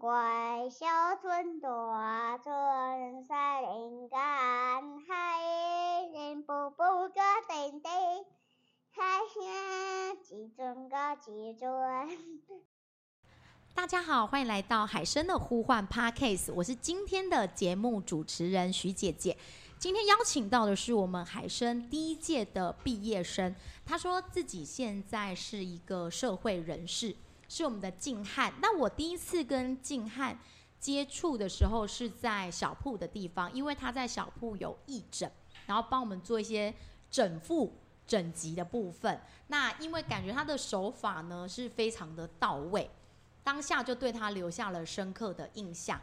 婚小村大人呀，尊 尊。大家好，歡迎來到海生的呼喚 Podcast，我是今天的節目主持人徐姐姐。今天邀請到的是我們海生第一屆的畢業生，他說自己現在是一個社會人士，是我們的敬漢。那我第一次跟敬漢接觸的時候是在小鋪的地方，因為他在小鋪有義診，然後幫我們做一些整復、整脊的部分。那因為感覺他的手法呢是非常的到位，當下就對他留下了深刻的印象。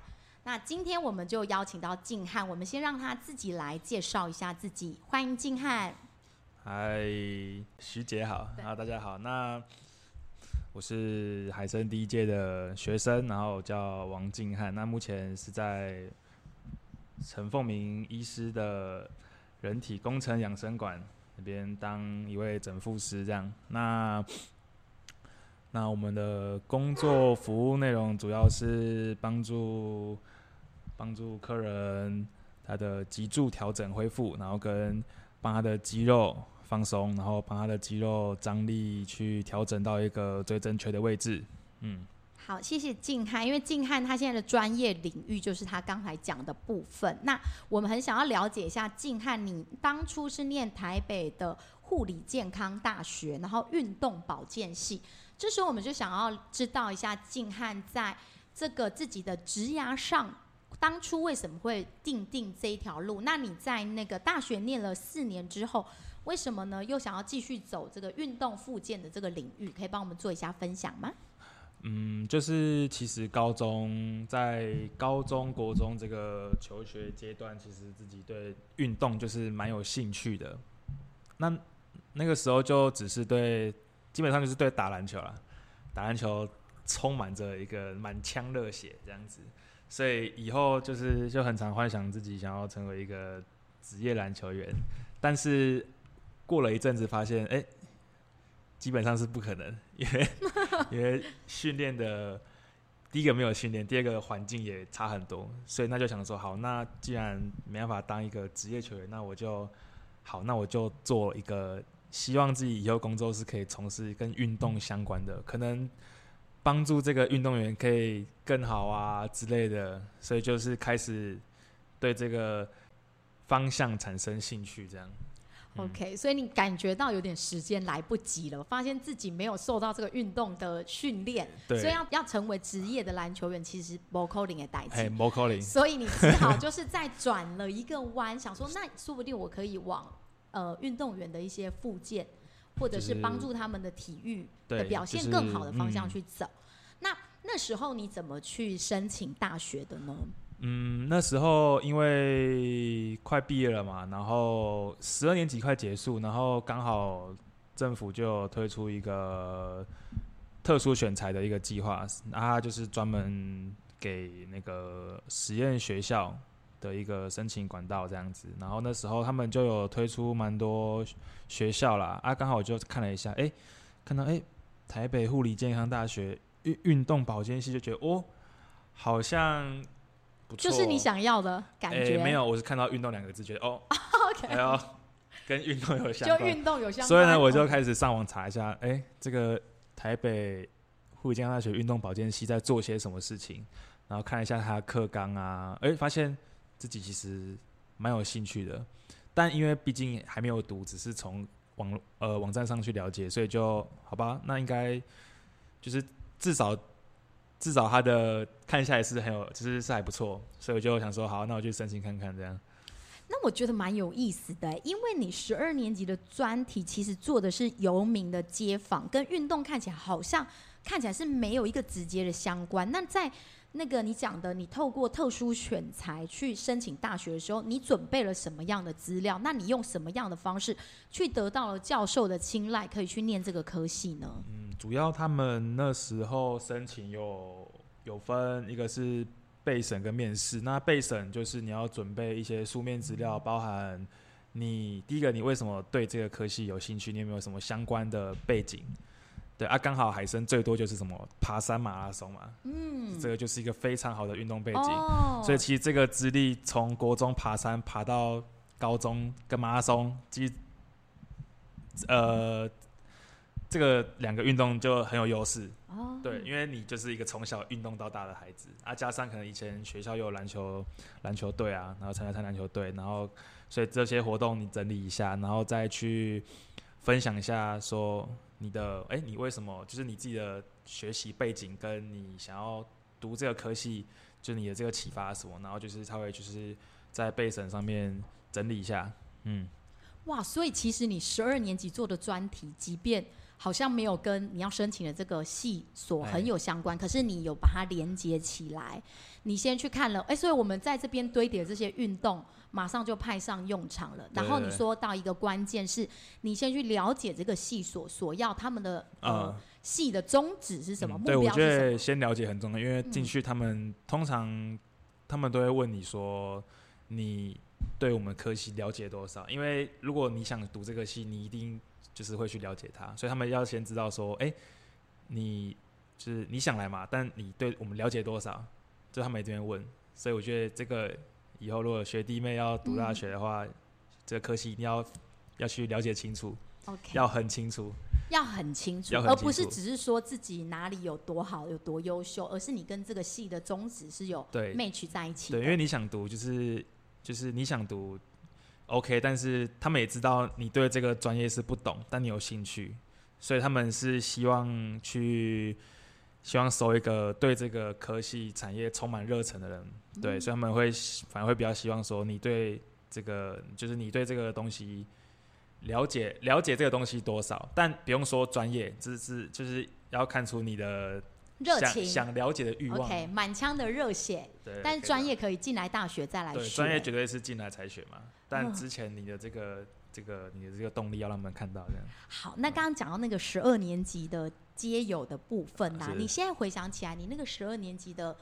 那今天我們就邀請到敬漢，我們先讓他自己來介紹一下自己。歡迎敬漢。嗨，徐姐好，啊大家好。那我是海生第一屆的學生，然後叫王敬漢。那目前是在陳鳳明醫師的人體工程養生館那邊當一位整復師，這樣。那那我們的工作服務內容主要是幫助。幫助客人他的脊柱調整恢復，然後跟幫他的肌肉放鬆，然後幫他的肌肉張力去調整到一個最正確的位置。嗯，好，謝謝敬漢，因為敬漢他現在的專業領域就是他剛才講的部分。那我們很想要了解一下敬漢，你當初是念台北的護理健康大學，然後運動保健系。這時候我們就想要知道一下敬漢在這個自己的職涯上，當初為什麼會定定這一條路？那你在那個大學念了四年之後，為什麼呢？又想要繼續走這個運動復健的這個領域？可以幫我們做一下分享嗎？嗯，就是其實高中在高中國中這個求學階段，其實自己對運動就是蠻有興趣的。那那個時候就只是對，基本上就是對打籃球了，打籃球充滿着一個滿腔熱血這樣子。所以以後就是就很常幻想自己想要成為一個職業籃球員，但是過了一陣子發現，哎，基本上是不可能，因為因為訓練的第一個沒有訓練，第二個環境也差很多，所以那就想說，好，那既然沒辦法當一個職業球員，那我就好，那我就做了一個，希望自己以後工作是可以從事跟運動相關的，可能。幫助這個運動員可以更好啊之類的，所以就是開始對這個方向產生興趣，這樣、嗯。OK，所以你感覺到有點時間來不及了，發現自己沒有受到這個運動的訓練，所以要要成為職業的籃球員，其實無可能也代。嘿、hey，無可能。所以你只好就是在轉了一個彎， 想說那說不定我可以往呃運動員的一些附件。或者是幫助他們的體育的表現更好的方向去走，就是就是嗯、那那時候你怎麼去申請大學的呢？嗯，那時候因為快畢業了嘛，然後十二年級快結束，然後剛好政府就推出一個特殊選材的一個計劃，啊，就是專門給那個實驗學校。的一個申請管道這樣子，然後那時候他們就有推出蠻多學校啦，啊，剛好我就看了一下，哎、欸，看到哎、欸，台北護理健康大學運運動保健系就覺得哦，好像不錯，就是你想要的感覺。欸、沒有，我是看到運動兩個字覺得哦 ，OK，還、哎、有跟運動有相關，就運動有相關，所以呢、哦，我就開始上網查一下，哎、欸，這個台北護理健康大學運動保健系在做些什麼事情，然後看一下他的課綱啊，哎、欸，發現。自己其實蠻有興趣的，但因為畢竟還沒有讀，只是從網呃網站上去了解，所以就好吧。那應該就是至少至少他的看下也是很有，就是是還不錯，所以我就想說好，那我去申請看看這樣。那我覺得蠻有意思的，因為你十二年級的專題其實做的是遊民的街訪，跟運動看起來好像看起來是沒有一個直接的相關。那在那個你講的，你透過特殊選才去申請大學的時候，你準備了什麼樣的資料？那你用什麼樣的方式去得到了教授的青睞，可以去念這個科系呢？嗯，主要他們那時候申請有有分，一個是備審跟面試。那備審就是你要準備一些書面資料，包含你第一個你為什麼對這個科系有興趣，你有沒有什麼相關的背景？對啊，剛好海生最多就是什麼爬山馬拉松嘛，嗯，這個就是一個非常好的運動背景，哦、所以其實這個資歷從國中爬山爬到高中跟馬拉松，其實呃、嗯、這個兩個運動就很有優勢、哦、對，因為你就是一個從小運動到大的孩子，啊，加上可能以前學校有籃球籃球隊啊，然後參加參籃球隊，然後所以這些活動你整理一下，然後再去分享一下說，你的哎、欸，你為什麼就是你自己的學習背景，跟你想要讀這個科系，就你的這個啟發什麼？然後就是他會就是在備審上面整理一下，嗯，哇，所以其實你十二年級做的專題，即便好像沒有跟你要申請的這個系所很有相關、欸，可是你有把它連接起來，你先去看了，哎、欸，所以我們在這邊堆疊這些運動。馬上就派上用場了。然後你說到一個關鍵，是你先去了解這個戲所所要他們的、嗯、呃系的宗旨是什麼？嗯、對目標是什麼？我覺得先了解很重要，因為進去他們、嗯、通常他們都會問你說，你對我們科系了解多少？因為如果你想讀這個戲，你一定就是會去了解它，所以他們要先知道說，哎、欸，你就是你想來嘛？但你對我們了解多少？就他們一定會問，所以我覺得這個。以後如果學弟妹要讀大學的話，嗯，這個科系一定要要去了解清楚，okay，要很清楚，要很清楚，要很清楚，而不是只是說自己哪裡有多好，有多優秀，而是你跟這個系的宗旨是有對 match 在一起對。對，因為你想讀，就是就是你想讀 OK，但是他們也知道你對這個專業是不懂，但你有興趣，所以他們是希望去。希望收一個對這個科技產業充滿熱忱的人、嗯，對，所以他們會反而會比較希望說你對這個就是你對這個東西了解，了解這個東西多少，但不用說專業，就是就是要看出你的熱情想，想了解的慾望，okay, 滿腔的熱血、嗯。對，但是專業可以進來大學再來學，對，專業絕對是進來才學嘛。但之前你的這個、嗯、這個你的這個動力要讓他們看到這樣。好，那剛剛講到那個十二年級的。街友的部分吶、啊，你現在回想起來，你那個十二年級的，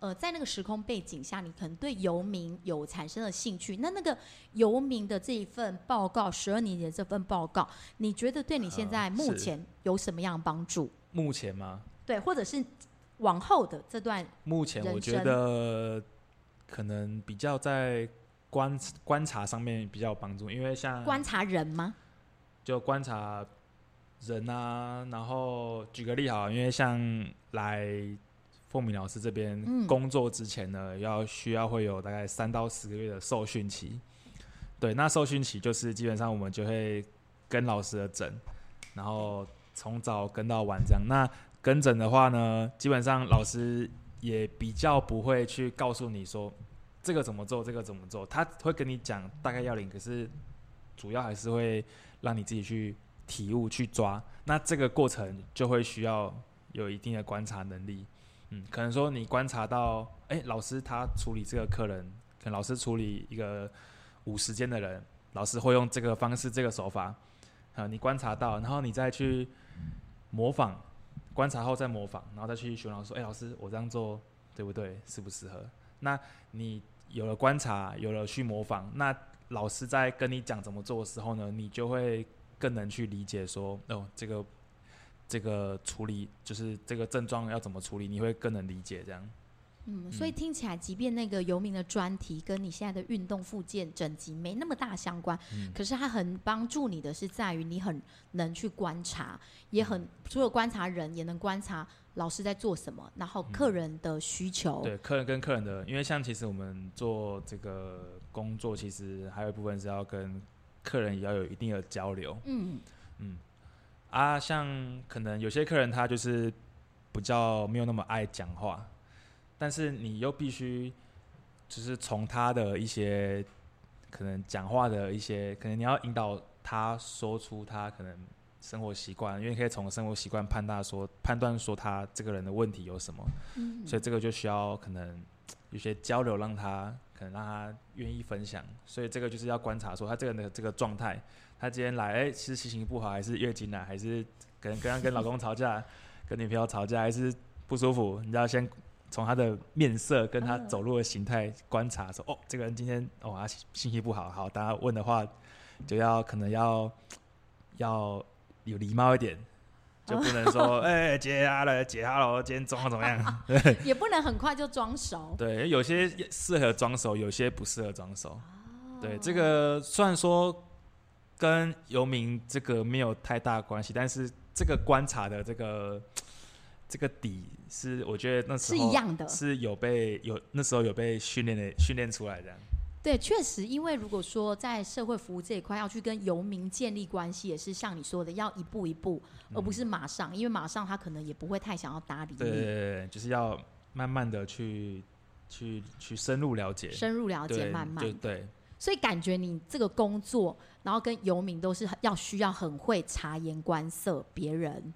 呃，在那個時空背景下，你可能對遊民有產生了興趣。那那個遊民的這一份報告，十二年級的這份報告，你覺得對你現在目前有什麼樣的幫助？嗯、目前嗎？對，或者是往後的這段？目前我覺得可能比較在觀觀察上面比較有幫助，因為像觀察人嗎？就觀察。人啊，然後舉個例哈，因為像來鳳敏老師這邊工作之前呢，要、嗯、需要會有大概三到十個月的受訓期。對，那受訓期就是基本上我們就會跟老師的診，然後從早跟到晚這樣。那跟診的話呢，基本上老師也比較不會去告訴你說這個怎麼做，這個怎麼做，他會跟你講大概要領，可是主要還是會讓你自己去。體悟去抓，那這個過程就會需要有一定的觀察能力。嗯，可能說你觀察到，哎、欸，老師他處理這個客人，可能老師處理一個五時間的人，老師會用這個方式、這個手法。啊、嗯，你觀察到，然後你再去模仿，觀察後再模仿，然後再去學，老師說，哎、欸，老師，我這樣做對不對？適不適合？那你有了觀察，有了去模仿，那老師在跟你講怎麼做的時候呢，你就會。更能去理解說哦，這個這個處理就是這個症狀要怎麼處理，你會更能理解這樣。嗯，所以聽起來，即便那個遊民的專題跟你現在的運動復健整集沒那麼大相關，嗯、可是他很幫助你的是在於你很能去觀察，也很除了觀察人、嗯，也能觀察老師在做什麼，然後客人的需求、嗯。對，客人跟客人的，因為像其實我們做這個工作，其實還有一部分是要跟。客人也要有一定的交流，嗯嗯，啊，像可能有些客人他就是比較沒有那麼愛講話，但是你又必須，就是從他的一些可能講話的一些，可能你要引導他說出他可能生活習慣，因為可以從生活習慣判斷說判斷說他這個人的問題有什麼，所以這個就需要可能，有些交流讓他可能讓他願意分享，所以這個就是要觀察說，說他這個人的這個狀態，他今天來，哎、欸，是心情不好，還是月經來、啊，還是可能剛剛跟老公吵架，跟女朋友吵架，還是不舒服，你要先從他的面色跟他走路的形態觀察，嗯、說哦，這個人今天哦，他心情不好，好，大家問的話就要可能要要有禮貌一點。 就不能說哎，解壓了，解壓了，今天裝怎麼樣、啊啊？也不能很快就裝熟。對，有些適合裝熟，有些不適合裝熟、啊。對，這個雖然說跟遊民這個沒有太大關係，但是這個觀察的這個這個底是，我覺得那時候是，是一樣的，是有被有那時候有被訓練的訓練出來的。對，確實，因為如果說在社會服務這一塊要去跟游民建立關係，也是像你說的，要一步一步，而不是馬上，因為馬上他可能也不會太想要搭理你、嗯。對，就是要慢慢的去、去、去深入了解。深入了解，慢慢對。對，所以感覺你這個工作，然後跟游民都是要需要很會察言觀色別人。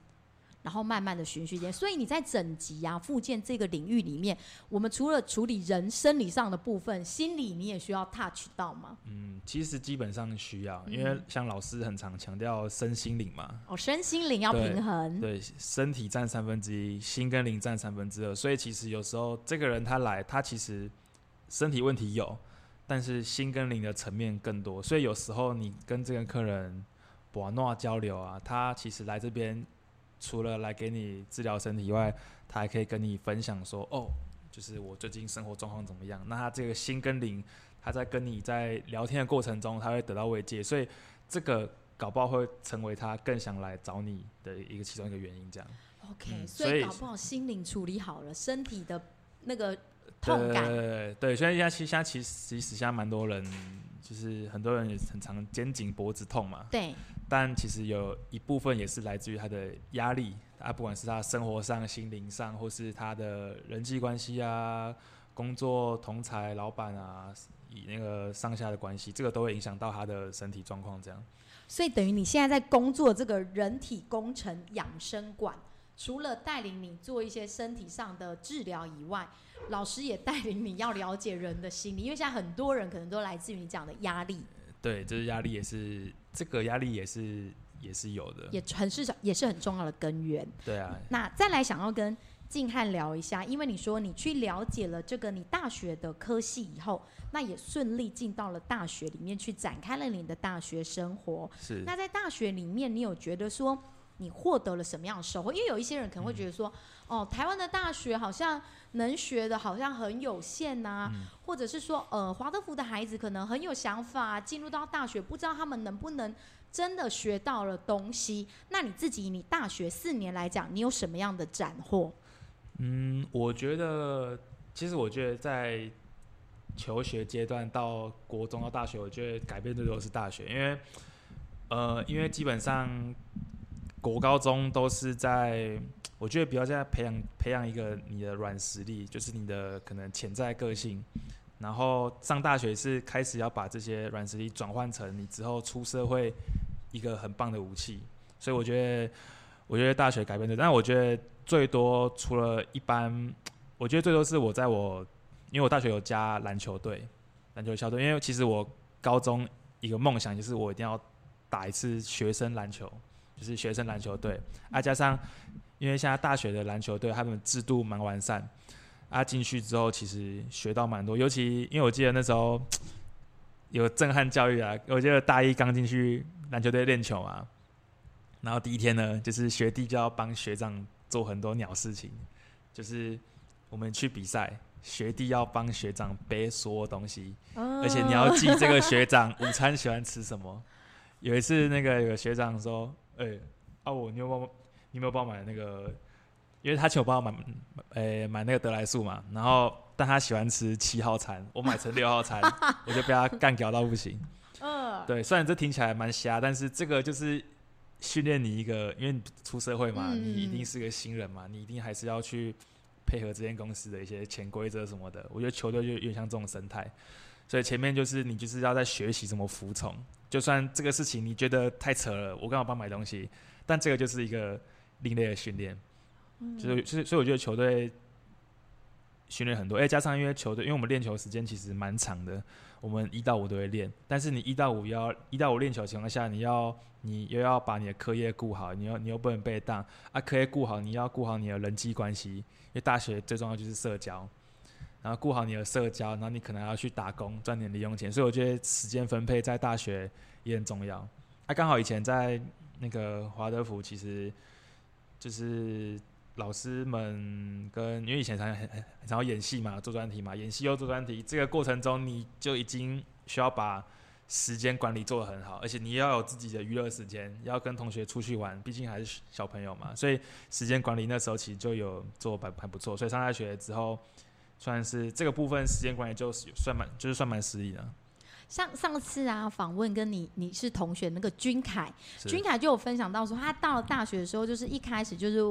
然後慢慢的循序漸進，所以你在整集啊、附健這個領域裡面，我們除了處理人生理上的部分，心理你也需要 touch 到嗎？嗯，其實基本上需要，嗯、因為像老師很常強調身心靈嘛。哦，身心靈要平衡對。對，身體占三分之一，心跟靈占三分之二，所以其實有時候這個人他來，他其實身體問題有，但是心跟靈的層面更多，所以有時候你跟這個客人不啊，交流啊，他其實來這邊。除了來給你治療身體以外，他還可以跟你分享說：“哦，就是我最近生活狀況怎麼樣？”那他這個心跟靈，他在跟你在聊天的過程中，他會得到慰藉，所以這個搞不好會成為他更想來找你的一個其中一個原因。這樣，OK，嗯，所以，所以搞不好心靈處理好了，身體的那個痛感，對，對，對，對，對，對，對，所以現在其實現在其實其實現在蠻多人。就是很多人也很常肩頸、脖子痛嘛，對。但其實有一部分也是來自於他的壓力啊，不管是他的生活上、心靈上，或是他的人際關係啊、工作同儕老闆啊，以那個上下的關係，這個都會影響到他的身體狀況，這樣。所以等於你現在在工作這個人體工程養生館，除了帶領你做一些身體上的治療以外，老師也帶領你要了解人的心理，因為現在很多人可能都來自於你講的壓力。對，就是壓力也是這個壓力也是也是有的，也很是也是很重要的根源。對啊。那再來想要跟敬漢聊一下，因為你說你去了解了這個你大學的科系以後，那也順利進到了大學裡面去展開了你的大學生活。是。那在大學裡面，你有覺得說，你獲得了什麼樣的收穫？因為有一些人可能會覺得說，嗯、哦，台灣的大學好像能學的，好像很有限吶、啊嗯，或者是說，呃，華德福的孩子可能很有想法，進入到大學，不知道他們能不能真的學到了東西。那你自己，你大學四年來講，你有什麼樣的斬獲？嗯，我覺得，其實我覺得在求學階段到國中到大學，我覺得改變最多是大學，因為，呃，因為基本上。國高中都是在，我覺得比較在培養培養一個你的軟實力，就是你的可能潛在個性。然後上大學是開始要把這些軟實力轉換成你之後出社會一個很棒的武器。所以我覺得，我覺得大學改變的，但我覺得最多除了一般，我覺得最多是我在我因為我大學有加籃球隊，籃球校隊，因為其實我高中一個夢想就是我一定要打一次學生籃球。就是學生籃球隊啊，加上因為現在大學的籃球隊，他們制度蠻完善。啊進去之後，其實學到蠻多，尤其因為我記得那時候有震撼教育啊。我記得大一剛進去籃球隊練球啊。然後第一天呢，就是學弟就要幫學長做很多鳥事情，就是我們去比賽，學弟要幫學長背所有東西，而且你要記這個學長午餐喜歡吃什麼。有一次，那個有學長說。哎、欸，阿武，你有幫，你有沒有幫我買那個？因為他請我幫我買，哎、欸，買那個得來速嘛。然後，但他喜歡吃七號餐，我買成六號餐， 我就被他幹屌到不行。嗯， 對，雖然這聽起來蠻瞎，但是這個就是訓練你一個，因為你出社會嘛、嗯，你一定是個新人嘛，你一定還是要去配合這間公司的一些潛規則什麼的。我覺得球隊就越，越像這種生態，所以前面就是你就是要在學習怎麼服從。就算這個事情你覺得太扯了，我剛好幫買東西，但這個就是一個另類的訓練，所以所以所以我覺得球隊訓練很多，哎、欸，加上因為球隊，因為我們練球時間其實蠻長的，我們一到五都會練。但是你一到五要一到五練球的情況下，你要你又要把你的課業顧好，你又你又不能被當，啊，課業顧好，你要顧好你的人際關係，因為大學最重要就是社交，然後顧好你的社交，然後你可能要去打工賺點零用錢，所以我覺得時間分配在大學也很重要。哎、啊，剛好以前在那個華德福，其實就是老師們跟因為以前很很常然後演戲嘛，做專題嘛，演戲又做專題，這個過程中你就已經需要把時間管理做得很好，而且你也要有自己的娛樂時間，要跟同學出去玩，畢竟還是小朋友嘛，所以時間管理那時候其實就有做很還不錯，所以上大學之後，算是這個部分時間管理就算蠻就是算蠻失、就是、意的。像上次啊，訪問跟你你是同學那個君凱，君凱就有分享到說，他到了大學的時候，就是一開始就是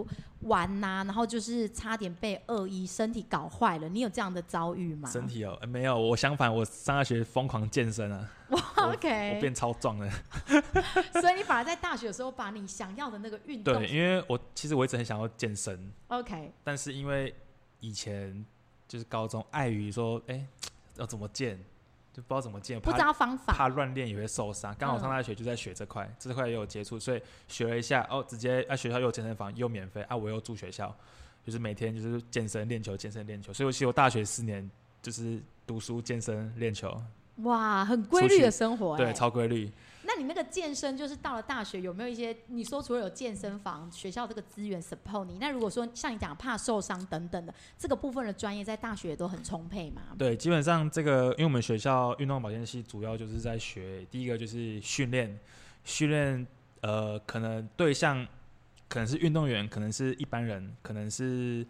玩吶、啊，然後就是差點被二一身體搞壞了。你有這樣的遭遇嗎？身體有、哦，沒有，我相反，我上大學瘋狂健身啊。o、okay. k 我，我變超壯了。 所以你反而在大學的時候，把你想要的那個運動，對，因為我其實我一直很想要健身。OK，但是因為以前。就是高中礙於說，哎、欸，要、啊、怎麼健，就不知道怎麼健，不知道方法，怕亂練也會受傷。剛好上大學就在學這塊，嗯，這塊也有接觸，所以學了一下，哦，直接啊，學校又有健身房又免費啊，我又住學校，就是每天就是健身練球，健身練球。所以，其實我大學四年就是讀書、健身、練球。哇，很規律的生活，欸，對，超規律。那你那個健身，就是到了大學有沒有一些你說除了有健身房學校這個資源 support 你，那如果說像你講怕受傷等等的這個部分的專業，在大學也都很充沛嗎？對，基本上這個因為我們學校運動保健系主要就是在學，第一個就是訓練，訓練呃，可能對象可能是運動員，可能是一般人，可能是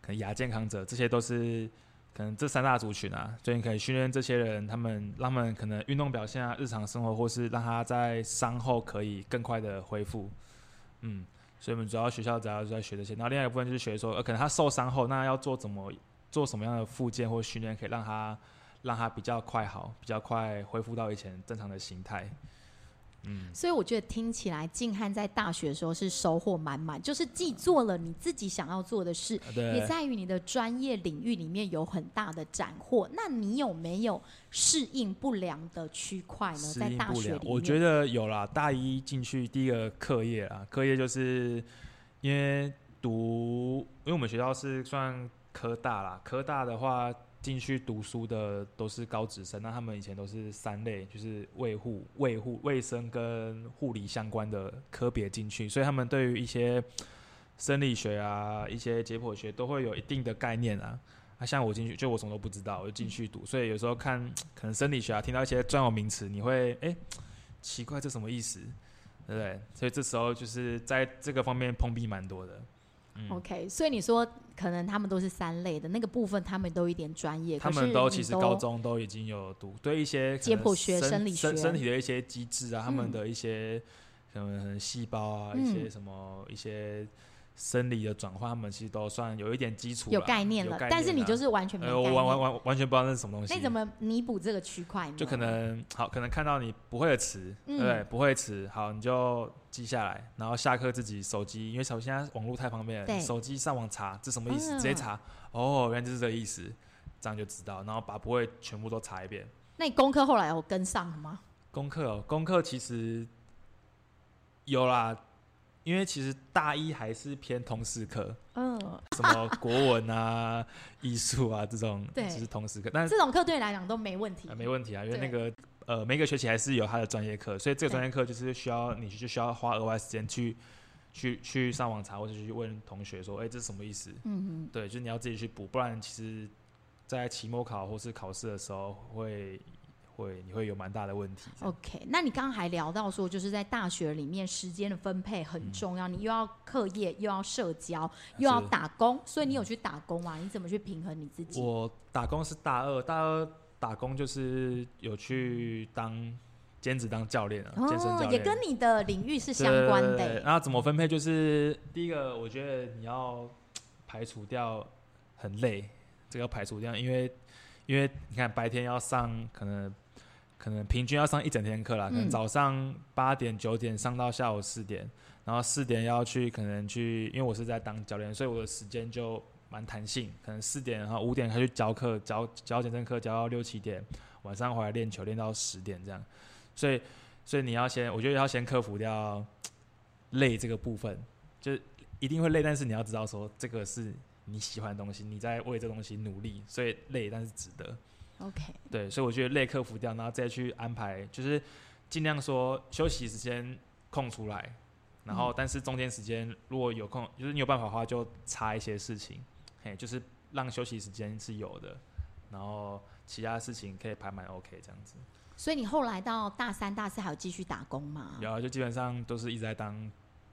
可能亞健康者，這些都是。可能這三大族群啊，所以你可以訓練這些人，他們他們可能運動表現啊，日常生活或是讓他在傷後可以更快的恢復，嗯，所以我們主要學校主要就在學這些，然後另外一個部分就是學說，呃，可能他受傷後，那要做怎麼做什麼樣的復健或訓練，可以讓他讓他比較快好，比較快恢復到以前正常的形態。嗯、所以我覺得聽起來，敬漢在大學的時候是收穫滿滿，就是既做了你自己想要做的事，嗯、也在於你的專業領域裡面有很大的斬獲。那你有沒有適應不良的區塊呢？在大學裡面，我覺得有啦。大一進去第一個課業啊，課業就是因為讀，因為我們學校是算科大啦，科大的話。進去讀書的都是高職生，那他們以前都是三類，就是衛護、衛護、衛生跟護理相關的科別進去，所以他們對於一些生理學啊、一些解剖學都會有一定的概念啊。啊，像我進去，就我什麼都不知道，我就進去讀，所以有時候看可能生理學啊，聽到一些專有名詞，你會誒、欸、奇怪這什麼意思，對不對？所以這時候就是在這個方面碰壁蠻多的。嗯、OK，所以你說可能他們都是三類的那個部分，他們都一點專業。他們都其實高中都已經有讀對一些解剖學、生理、身身體的一些機制啊、嗯，他們的一些嗯細胞啊，一些什麼、嗯、一些。生理的轉換，他們其實都算有一點基礎，有概念了概念。但是你就是完全沒有、呃，我完完完完全不知道那是什麼東西。那你怎麼彌補這個區塊？就可能好，可能看到你不會的詞、嗯，對不會詞，好，你就記下來，然後下課自己手機，因為首先網絡太方便了，手機上網查這是什麼意思、嗯？直接查，哦，原來就是這個意思，這樣就知道。然後把不會全部都查一遍。那你功課後來有跟上了嗎？功課、哦，功課其實有啦。因為其實大一還是偏通識課，嗯、哦，什麼國文啊、藝 術啊這種，對，就是通識課。但是這種課對你來講都沒問題，啊，沒問題啊，因為那個呃，每個學期還是有他的專業課，所以這個專業課就是需要你就需要花額外時間去去去上網查或者去問同學說，哎、欸，這是什麼意思？嗯嗯，對，就是你要自己去補，不然其實，在期末考或是考試的時候會。會你會有蠻大的問題。OK，那你剛剛還聊到說，就是在大學裡面時間的分配很重要，嗯、你又要課業，又要社交，啊、又要打工，所以你有去打工嗎、啊？你怎麼去平衡你自己？我打工是大二，大二打工就是有去當兼職當教練啊，哦，也跟你的領域是相關的、欸對對對對對。那怎麼分配？就是第一個，我覺得你要排除掉很累，這個要排除掉，因為因為你看白天要上可能。可能平均要上一整天課啦，可能早上八點九點上到下午四點，嗯，然後四點要去可能去，因為我是在當教練，所以我的時間就蠻彈性。可能四點然後五點還去教課，教教健身課教到六七點，晚上回來練球練到十點這樣。所以，所以你要先，我覺得要先克服掉累這個部分，就一定會累，但是你要知道說，這個是你喜歡的東西，你在為這東西努力，所以累但是值得。OK，對，所以我覺得累克服掉，然後再去安排，就是盡量說休息時間空出來，然後但是中間時間如果有空，就是你有辦法的話就查一些事情，嘿，就是讓休息時間是有的，然後其他事情可以排滿 OK 這樣子。所以你後來到大三、大四還有繼續打工嗎？有啊，就基本上都是一直在當。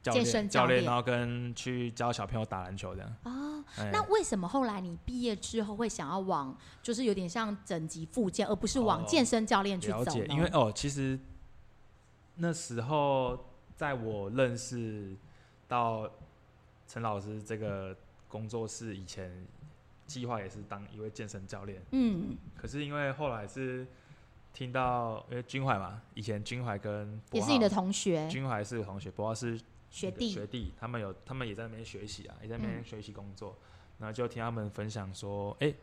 健身教練，然後跟去教小朋友打籃球這樣。哦，那為什麼後來你畢業之後會想要往就是有點像整級復健，而不是往健身教練去走呢？哦，了解，因為哦，其實那時候在我認識到陳老師這個工作室以前計劃也是當一位健身教練。嗯。可是因為後來是聽到因為軍懷嘛，以前軍懷跟博浩也是你的同學，軍懷是同學，博浩是。學弟，學弟，他們有，他們也在那邊學習啊，也在那邊學習工作、嗯，然後就聽他們分享說，哎、欸，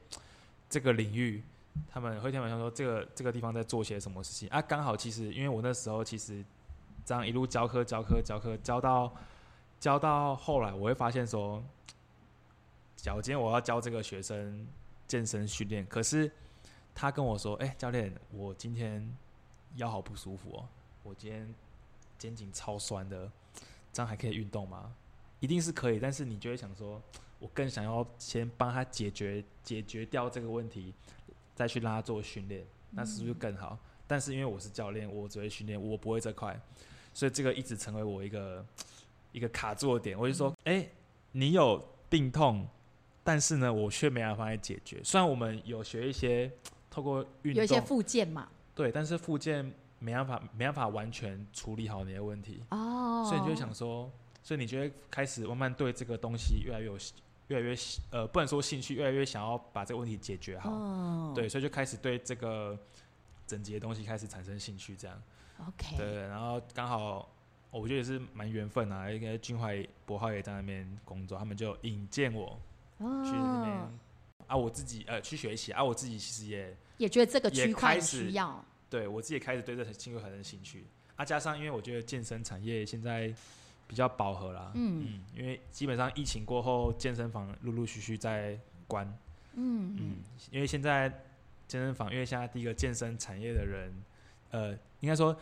這個領域，他們會聽他們說，這個這個地方在做些什麼事情啊？剛好其實，因為我那時候其實這樣一路教課、教課、教課，教到教到後來，我會發現說，假如今天我要教這個學生健身訓練，可是他跟我說，哎、欸，教練，我今天腰好不舒服哦，我今天肩頸超酸的。上還可以運動嗎？一定是可以，但是你就會想說，我更想要先幫他解決解決掉這個問題，再去拉做訓練，那是不是更好？嗯、但是因為我是教練，我只會訓練，我不會這塊，所以這個一直成為我一個一個卡住的點。我就說，哎、嗯欸，你有病痛，但是呢，我卻沒辦法解決。雖然我們有學一些透過運動，有一些復健嘛，對，但是復健……沒辦法，沒辦法完全處理好你的問題哦，oh。所以你就想說，所以你就會開始慢慢對這個東西越來越有，越來越呃，不能說興趣，越來越想要把這個問題解決好，oh。對，所以就開始對這個整潔的東西開始產生興趣，這樣、okay。對，然後剛好我覺得也是蠻緣分啊，因為俊懷博浩也在那邊工作，他們就引薦我、oh。去那邊啊，我自己呃去學習啊，我自己其實也也覺得這個區塊需要。對我自己開始對這個興趣很有興趣，啊，加上因為我覺得健身產業現在比較飽和啦，嗯，嗯，因為基本上疫情過後健身房陸陸續續在關，嗯嗯，因為現在健身房，因為現在第一個健身產業的人，呃，應該說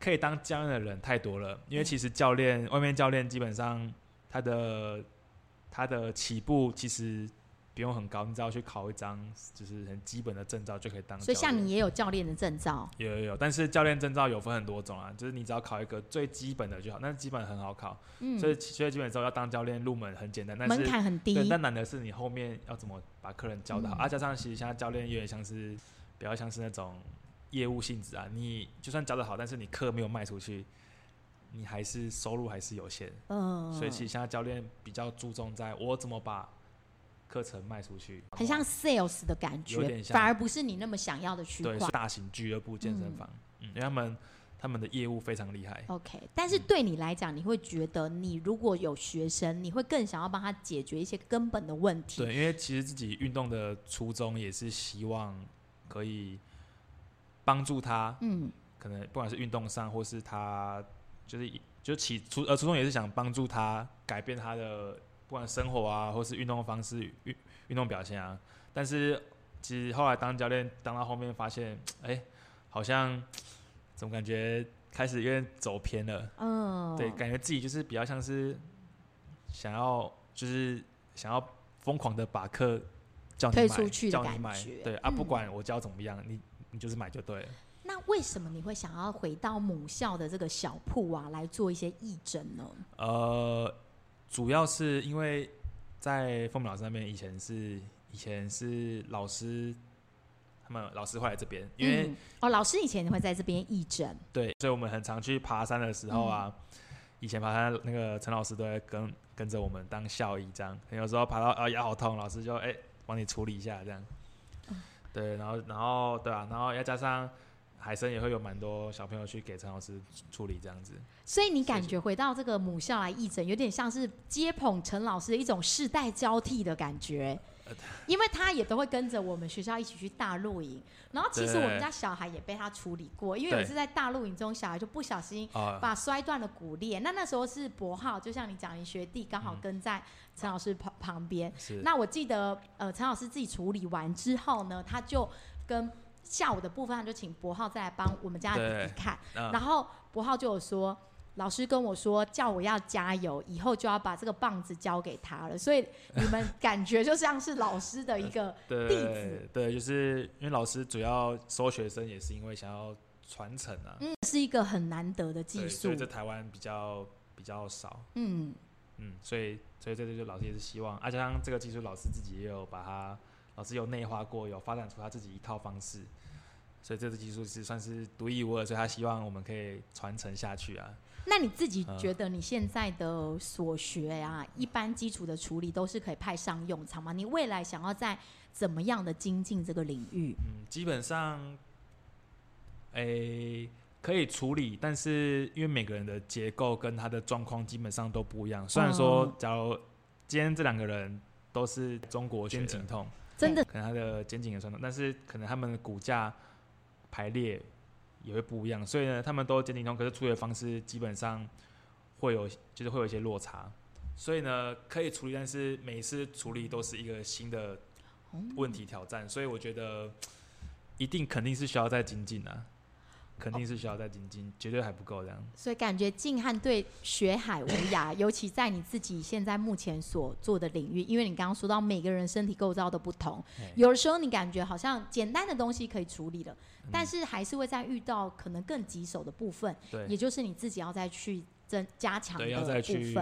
可以當教練的人太多了，因為其實教練外面教練基本上他的他的起步其實，不用很高，你只要去考一張就是很基本的證照就可以當。所以像你也有教練的證照？有有有，但是教練證照有分很多種啊，就是你只要考一個最基本的就好，那基本很好考。嗯、所以所以基本上要當教練入門很簡單，但是門檻很低。對，但難的是你後面要怎麼把客人教的好，嗯、啊，加上其實現在教練有點像是比較像是那種業務性質啊，你就算教的好，但是你課沒有賣出去，你還是收入還是有限。嗯、呃。所以其實現在教練比較注重在我怎麼把。課程賣出去，很像 sales 的感覺，反而不是你那麼想要的區塊。對，是大型俱樂部健身房，嗯，因為他們他們的業務非常厲害。OK，但是對你來講，嗯，你會覺得你如果有學生，你會更想要幫他解決一些根本的問題。對，因為其實自己運動的初衷也是希望可以幫助他，嗯，可能不管是運動上，或是他就是就起初呃初衷也是想幫助他改變他的。不管生活啊，或是運動的方式、運運動表現啊，但是其實後來當教練，當到後面發現，哎、欸，好像總感覺開始有點走偏了。嗯、呃，對，感覺自己就是比較像是想要，就是想要瘋狂的把課叫你買出去的感覺。叫你買，對啊，不管我教怎麼樣，嗯、你你就是買就對了。那為什麼你會想要回到母校的這個小鋪啊，來做一些義診呢？呃。主要是因為在鳳老師那邊，以前是以前是老師，他們老師會來這邊，因為、嗯、哦，老師以前會在這邊義診，對，所以我們很常去爬山的時候啊，嗯、以前爬山那個陳老師都在跟跟着我們當校醫這樣，有時候爬到啊腰好痛，老師就哎、欸、幫你處理一下這樣，對，然後然後對啊，然後要加上。海生也會有蠻多小朋友去給陳老師處理這樣子，所以你感覺回到這個母校來義診，有點像是接棒陳老師的一種世代交替的感覺。呃，因為他也都會跟着我們學校一起去大露營，然後其實我們家小孩也被他處理過，因為有次在大露營中，小孩就不小心把摔斷了骨裂。呃，那那時候是博浩，就像你講，你學弟剛好跟在陳老師旁旁邊。嗯，是，那我記得呃，陳老師自己處理完之後呢，他就跟。下午的部分就請博浩再來幫我們家弟弟看、嗯，然後博浩就有說，老師跟我說叫我要加油，以後就要把這個棒子交給他了。所以你們感覺就像是老師的一個弟子，嗯、對，對，就是因為老師主要收學生也是因為想要傳承啊，嗯，是一個很難得的技術，所以在台灣比較比較少，嗯嗯，所以所以這就老師也是希望，啊，而且像這個技術，老師自己也有把它老師有內化過，有發展出他自己一套方式。所以這個技術是算是獨一無二，所以他希望我們可以傳承下去啊。那你自己覺得你現在的所學啊，嗯、一般基礎的處理都是可以派上用場嗎？你未來想要在怎麼樣的精進這個領域？嗯，基本上、欸，可以處理，但是因為每個人的結構跟他的狀況基本上都不一樣。雖然說，假如今天這兩個人都是中國、嗯、肩頸痛，真的，可能他的肩頸也痠痛，但是可能他們的骨架排列也會不一樣，所以呢，他們都肩頸痛，可是處理的方式基本上會有，就是會有一些落差，所以呢，可以處理，但是每一次處理都是一個新的問題挑戰，所以我覺得一定肯定是需要再精進的啊。肯定是需要再精進，絕對還不夠這樣。所以感覺敬漢對學海無涯， 尤其在你自己現在目前所做的領域，因為你剛剛說到每個人身體構造的不同，有的時候你感覺好像簡單的東西可以處理了，嗯、但是還是會再遇到可能更棘手的部分，對，也就是你自己要再去增加強的，對，要再去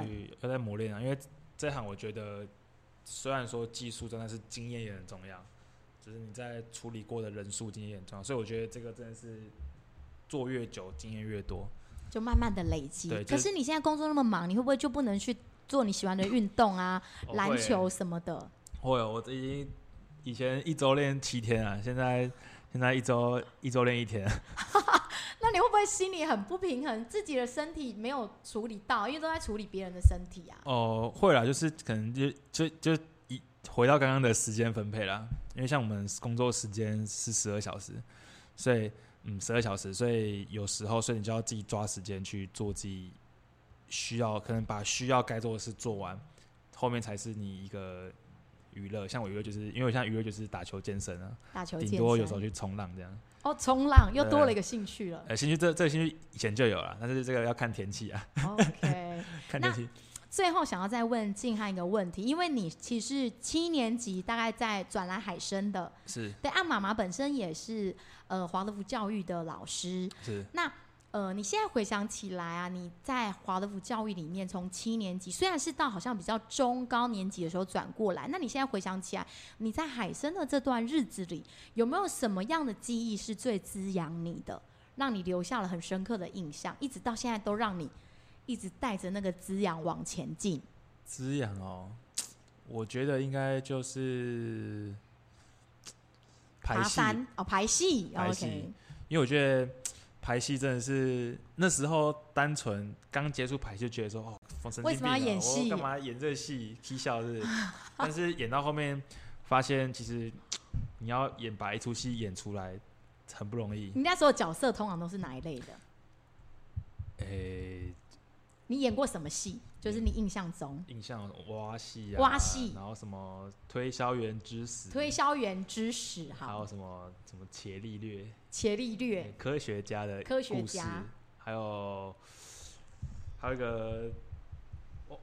要再磨練啊。因為這行我覺得，雖然說技術真的是經驗也很重要，就是你在處理過的人數經驗也很重要，所以我覺得這個真的是。做越久經驗越多，就慢慢的累積。可是你現在工作那麼忙，你會不會就不能去做你喜歡的運動啊，籃、哦、球什麼的？哦、會、哦，我已經以前一周練七天啊，現在現在一周一周練一天、啊。 那你會不會心裡很不平衡，自己的身體沒有處理到，因為都在處理別人的身體啊？哦，會啦，就是可能就就就一回到剛剛的時間分配啦，因為像我們工作時間是十二小時，所以。嗯，十二小時，所以有時候，所以你就要自己抓時間去做自己需要，可能把需要該做的事做完，後面才是你一個娛樂。像我娛樂，就是因為我現在娛樂就是打球健身啊，打球健身，頂多有時候去衝浪這樣。哦，衝浪又多了一個興趣了。呃、啊，興趣這這個興趣以前就有了，但是這個要看天氣啊。OK， 看天氣。最後想要再問敬漢一個問題，因為你其實是七年級大概在轉來海聲的，是對。阿媽媽本身也是呃華德福教育的老師，是。那呃你現在回想起來啊，你在華德福教育裡面從七年級，雖然是到好像比較中高年級的時候轉過來，那你現在回想起來，你在海聲的這段日子裡，有沒有什麼樣的記憶是最滋養你的，讓你留下了很深刻的印象，一直到現在都讓你？一直帶着那個滋養往前進。滋養哦，我覺得應該就是排戲哦，排戲，排戲、哦 okay。因為我覺得排戲真的是那時候單純剛接觸排戲就覺得說哦，瘋神經病為什麼要演戲，我幹嘛演這戲，踢、啊、笑是,是。 但是演到後面發現，其實你要演白一出戲演出來很不容易。你那時候角色通常都是哪一類的？誒、欸。你演過什麼戲？就是你印象中，嗯、印象蛙戲啊，蛙戲，然後什麼推銷員之死，推銷員之死，哈，還有什麼什麼伽利略，伽利略、嗯，科學家的科學家，還有還有一個，哦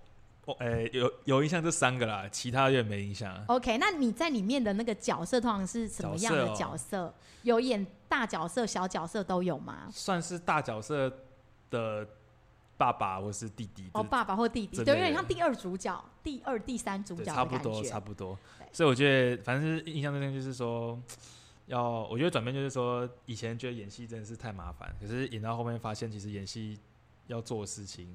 哦欸、有有印象這三個啦，其他有點沒印象。OK，那你在裡面的那個角色通常是什麼樣的角色？角色哦、有演大角色、小角色都有嗎？算是大角色的。爸爸，或是弟弟哦，爸爸或弟弟，對，有點像第二主角，第二、第三主角，差不多，差不多。所以我覺得，反正是印象最深就是說，要我覺得轉變就是說，以前覺得演戲真的是太麻煩，可是演到後面發現，其實演戲要做的事情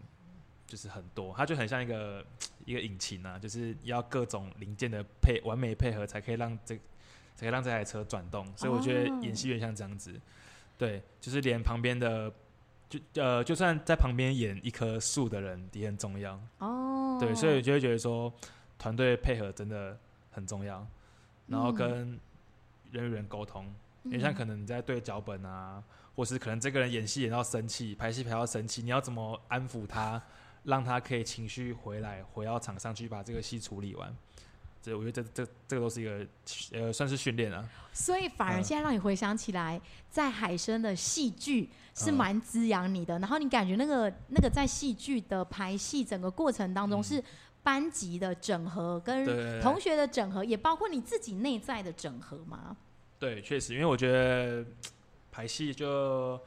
就是很多，它就很像一個一個引擎啊，就是要各種零件的配完美配合，才可以讓這才可以讓這台車轉動。所以我覺得演戲有點像這樣子、哦，對，就是連旁邊的。就呃，就算在旁邊演一棵樹的人也很重要哦。Oh. 對，所以就會覺得說，團隊配合真的很重要，然後跟人與人溝通，你、mm. 像可能你在對腳本啊，mm. 或是可能這個人演戲演到生氣，拍戲拍到生氣，你要怎麼安撫他，讓他可以情緒回來，回到場上去把這個戲處理完。這我覺得這這這個都是一個呃，算是訓練啊。所以反而現在讓你回想起來，呃，在海生的戲劇是蠻滋養你的，呃。然後你感覺那個那個在戲劇的排戲整個過程當中，是班級的整合跟同學的整合，跟同學的整合，對對對，也包括你自己內在的整合嗎？對，確實，因為我覺得排戲就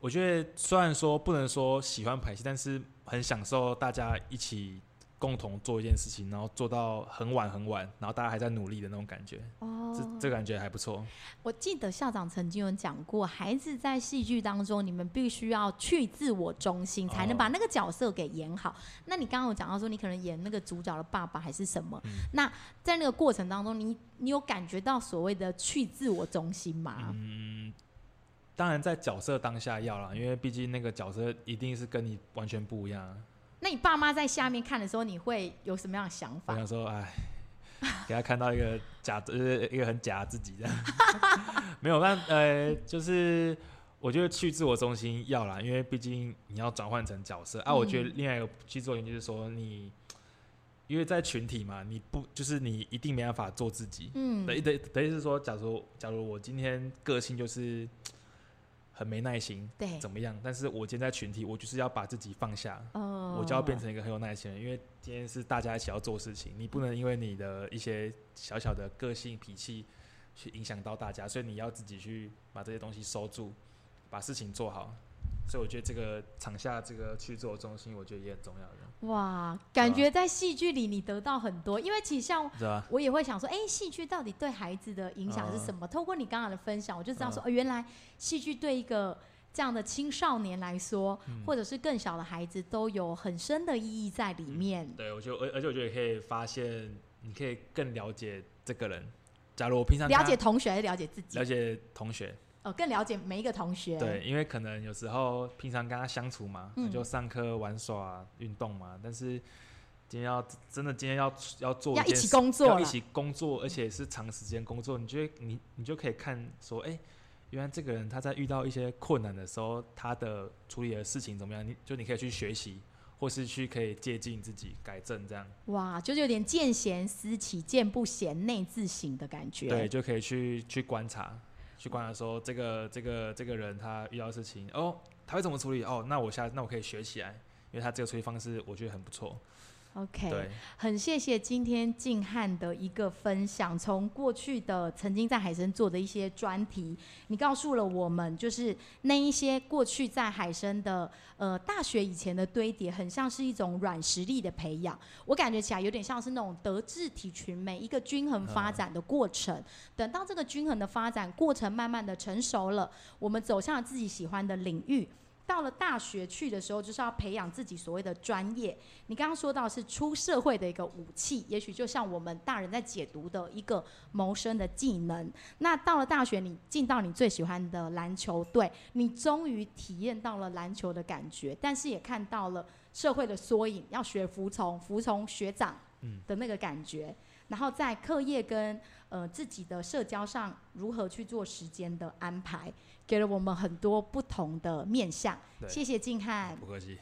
我覺得雖然說不能說喜歡排戲，但是很享受大家一起，共同做一件事情，然後做到很晚很晚，然後大家還在努力的那種感覺，哦、這這感覺還不錯。我記得校長曾經有講過，孩子在戲劇當中，你們必須要去自我中心，才能把那個角色給演好。哦、那你剛剛有講到說，你可能演那個主角的爸爸還是什麼？嗯、那在那個過程當中，你你有感覺到所謂的去自我中心嗎？嗯，當然在角色當下要了，因為畢竟那個角色一定是跟你完全不一樣。那你爸媽在下面看的時候，你會有什麼樣的想法？我想說，哎，給他看到一個假， 一個很假的自己這樣， 沒有那，呃，就是我覺得去自我中心要啦，因為畢竟你要轉換成角色。哎、嗯啊，我覺得另外一個去自我中心就是說你，你因為在群體嘛，你不就是你一定沒辦法做自己。嗯，等等，等於是說，假如假如我今天個性就是。很沒耐心，對，怎麼樣？但是我今天在群體，我就是要把自己放下，oh. 我就要變成一個很有耐心的人。因為今天是大家一起要做事情，你不能因為你的一些小小的個性脾氣去影響到大家，所以你要自己去把這些東西收住，把事情做好。所以我覺得這個場下這個去做中心，我覺得也很重要的。哇，感覺在戲劇裡你得到很多，因為其實像我也會想說，哎、欸，戲劇到底對孩子的影響是什麼？呃、透過你剛剛的分享，我就知道說，呃呃、原來戲劇對一個這樣的青少年來說，嗯、或者是更小的孩子，都有很深的意義在裡面。嗯、對，我覺得而而且我覺得也可以發現，你可以更了解這個人。假如我平常了解同學還是了解自己？了解同學。哦，更了解每一個同學。對，因為可能有時候平常跟他相處嘛，嗯、就上課玩耍、啊、運動嘛。但是今天要真的今天要要做一要一起工作，一起工作，而且是長時間工作，你覺得你你就可以看說，哎、欸，原來這個人他在遇到一些困難的時候，他的處理的事情怎麼樣？你就你可以去學習，或是去可以借鑒自己改正這樣。哇，就是有點見賢思齊，見不賢內自省的感覺。對，就可以去去觀察。去觀察說這個這個這個人他遇到的事情哦，他會怎麼處理哦？那我下那我可以學起來，因為他這個處理方式我覺得很不錯。OK，很謝謝今天敬漢的一個分享。從過去的曾經在海參做的一些專題，你告訴了我們，就是那一些過去在海參的，呃，大學以前的堆疊，很像是一種軟實力的培養。我感覺起來有點像是那種德智體群每一個均衡發展的過程。嗯、等到這個均衡的發展過程慢慢的成熟了，我們走向自己喜歡的領域。到了大學去的時候，就是要培養自己所謂的專業。你剛剛說到是出社會的一個武器，也許就像我們大人在解讀的一個謀生的技能。那到了大學，你進到你最喜歡的籃球隊，你終於體驗到了籃球的感覺，但是也看到了社會的縮影，要學服從，服從學長的那個感覺。嗯、然後在課業跟呃自己的社交上，如何去做時間的安排。給了我們很多不同的面向，謝謝敬漢。不客氣。